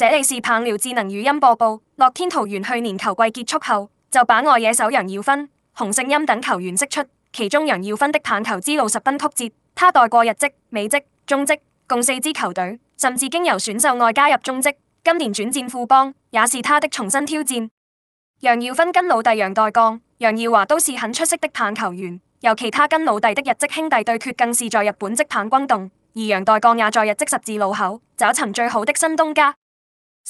這裏是棒遼智能語音播報。樂天桃猿去年球季結束後，就把外野手陽耀勳、洪聖欽等球員釋出，其中陽耀勳的棒球之路十分曲折，他待過日職、美職、中職，共四支球隊，甚至經由選秀外加入中職。今年轉戰富邦，也是他的重新挑戰。陽耀勳跟老弟陽岱鋼、陽耀華都是很出色的棒球員，尤其他跟老弟的日職兄弟對決更是在日本職棒轟動，而陽岱鋼也在日職十字路口找尋最好的新東家。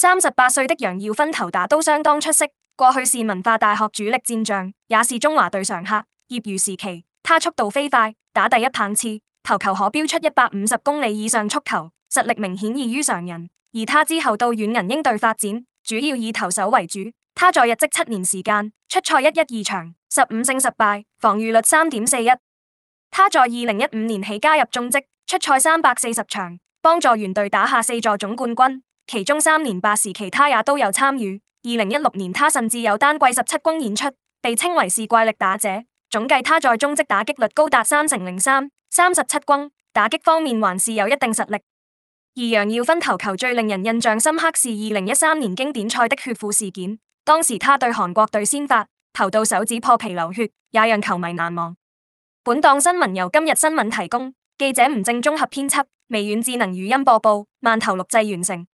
三十八歲的陽耀勳投打都相當出色，過去是文化大學主力戰將，也是中華隊常客。業餘時期，他速度飛快，打第一棒次，投球可飆出一百五十公里以上速球，實力明顯異於常人。而他之後到軟銀鷹隊發展，主要以投手為主。他在日職七年時間，出賽一一二場，十五勝十敗，防禦率三點四一。他在二零一五年起加入中職，出賽三百四十場，幫助猿隊打下四座總冠軍。其中三年霸時期，他也都有參與。二零一六年，他甚至有單季十七轟演出，被稱為是怪力打者。總計他在中職打擊率高達三成零三，三十七轟，打擊方面還是有一定實力。而陽耀勳投球最令人印象深刻是二零一三年經典賽的血斧事件，當時他對韓國隊先發，投到手指破皮流血，也讓球迷難忘。本檔新聞由今日新聞提供，記者吳正綜合編輯，微軟智能語音播報，慢頭錄製完成。